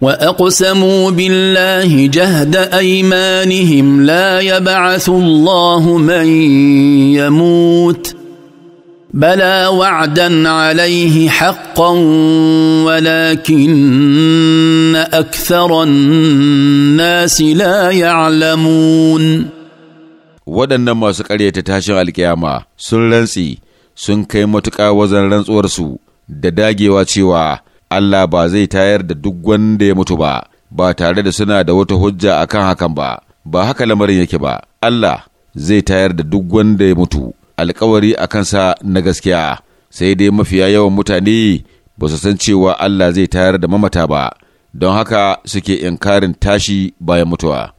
واقسموا بالله جهد ايمانهم لا يبعث الله من يموت بلى وعدا عليه حقا ولكن اكثر الناس لا يعلمون waɗannan masu ƙaryata tashin alkiyama sun rantsi sun kai matuƙa wajen rantsuwarsu da dagewa cewa Allah ba zai tayar da duk wanda ya mutu ba, ba tare da suna da wata hujja akan hakan ba, ba haka lamarin yake ba, Allah zai tayar da duk wanda ya mutu, alkawari a kansa na gaskiya, sai dai mafiya yawan mutane ba su san cewa Allah zai tayar da mamata ba, don haka suke inkarin tashi bayan mutuwa.